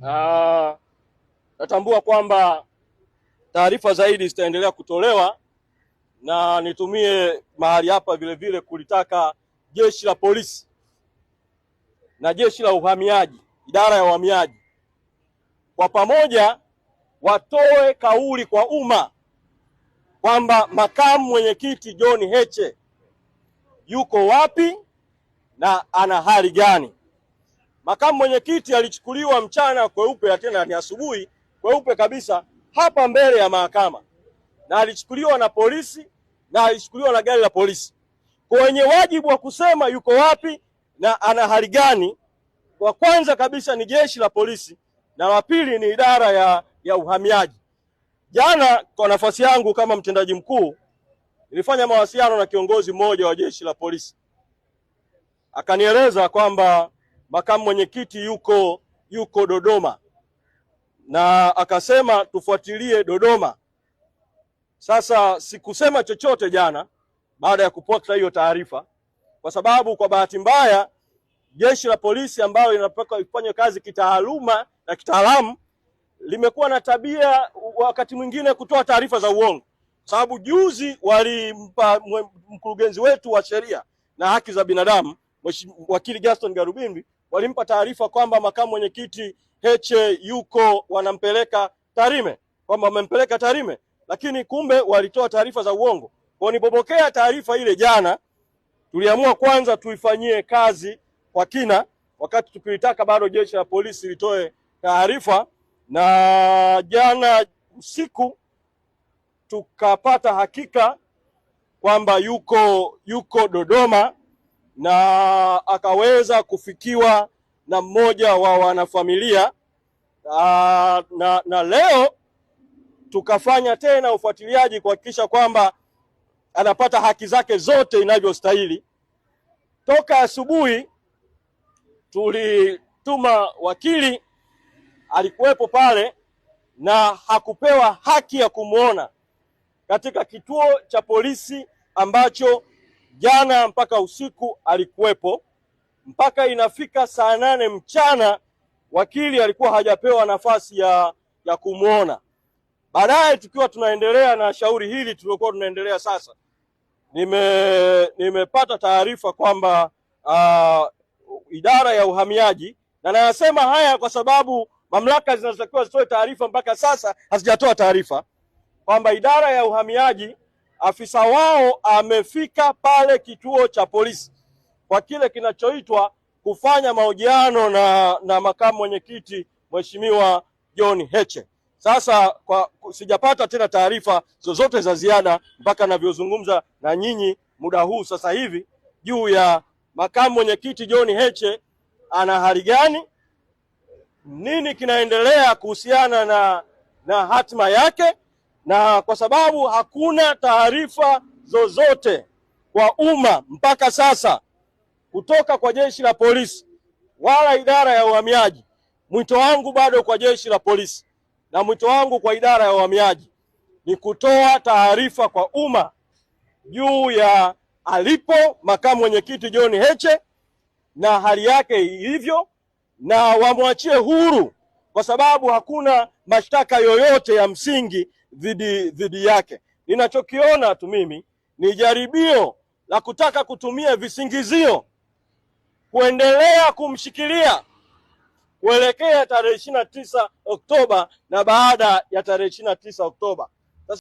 na natambua kwamba taarifa zaidi zitaendelea kutolewa, na nitumie mahali hapa vile vile kulitaka jeshi la polisi na jeshi la uhamiaji, idara ya uhamiaji, kwa pamoja watoe kauli kwa umma kwamba makamu mwenyekiti John Heche yuko wapi na ana hali gani. Makamu mwenyekiti alichukuliwa mchana kweupe, tena ni asubuhi kweupe kabisa hapa mbele ya mahakama, na alichukuliwa na polisi na alichukuliwa na gari la polisi. Kwa wenye wajibu wa kusema yuko wapi na ana hali gani, wa kwanza kabisa ni jeshi la polisi na la pili ni idara ya, ya uhamiaji. Jana kwa nafasi yangu kama mtendaji mkuu nilifanya mawasiliano na kiongozi mmoja wa jeshi la polisi, akanieleza kwamba makamu mwenyekiti yuko yuko Dodoma na akasema tufuatilie Dodoma. Sasa sikusema chochote jana baada ya kupokea hiyo taarifa, kwa sababu kwa bahati mbaya jeshi la polisi ambalo linapaka ifanye kazi kitaaluma na kitaalamu limekuwa na tabia wakati mwingine kutoa taarifa za uongo, sababu juzi walimpa mkurugenzi wetu wa sheria na haki za binadamu wakili Gaston Garubindi walimpa taarifa kwamba makamu mwenyekiti Heche yuko wanampeleka Tarime, kwamba wamempeleka Tarime, lakini kumbe walitoa taarifa za uongo. Kwa nipopokea taarifa ile jana, tuliamua kwanza tuifanyie kazi kwa kina, wakati tukilitaka bado jeshi la polisi litoe taarifa, na jana usiku tukapata hakika kwamba yuko yuko Dodoma na akaweza kufikiwa na mmoja wa wanafamilia na, na, na leo tukafanya tena ufuatiliaji kuhakikisha kwamba anapata haki zake zote inavyostahili. Toka asubuhi tulituma wakili, alikuwepo pale na hakupewa haki ya kumwona katika kituo cha polisi ambacho jana mpaka usiku alikuwepo, mpaka inafika saa nane mchana wakili alikuwa hajapewa nafasi ya, ya kumwona. Baadaye tukiwa tunaendelea na shauri hili tuliokuwa tunaendelea sasa, nime nimepata taarifa kwamba uh, idara ya uhamiaji, na nayasema haya kwa sababu mamlaka zinazotakiwa zitoe taarifa mpaka sasa hazijatoa taarifa, kwamba idara ya uhamiaji afisa wao amefika pale kituo cha polisi kwa kile kinachoitwa kufanya mahojiano na, na makamu mwenyekiti Mheshimiwa John Heche. Sasa kwa, sijapata tena taarifa zozote za ziada mpaka navyozungumza na nyinyi muda huu sasa hivi juu ya makamu mwenyekiti John Heche ana hali gani, nini kinaendelea kuhusiana na, na hatima yake na kwa sababu hakuna taarifa zozote kwa umma mpaka sasa kutoka kwa jeshi la polisi wala idara ya uhamiaji. Mwito wangu bado kwa jeshi la polisi na mwito wangu kwa idara ya uhamiaji ni kutoa taarifa kwa umma juu ya alipo makamu mwenyekiti John Heche na hali yake ilivyo, na wamwachie huru, kwa sababu hakuna mashtaka yoyote ya msingi dhidi dhidi yake. Ninachokiona tu mimi ni jaribio la kutaka kutumia visingizio kuendelea kumshikilia kuelekea tarehe ishirini na tisa Oktoba na baada ya tarehe ishirini na tisa Oktoba.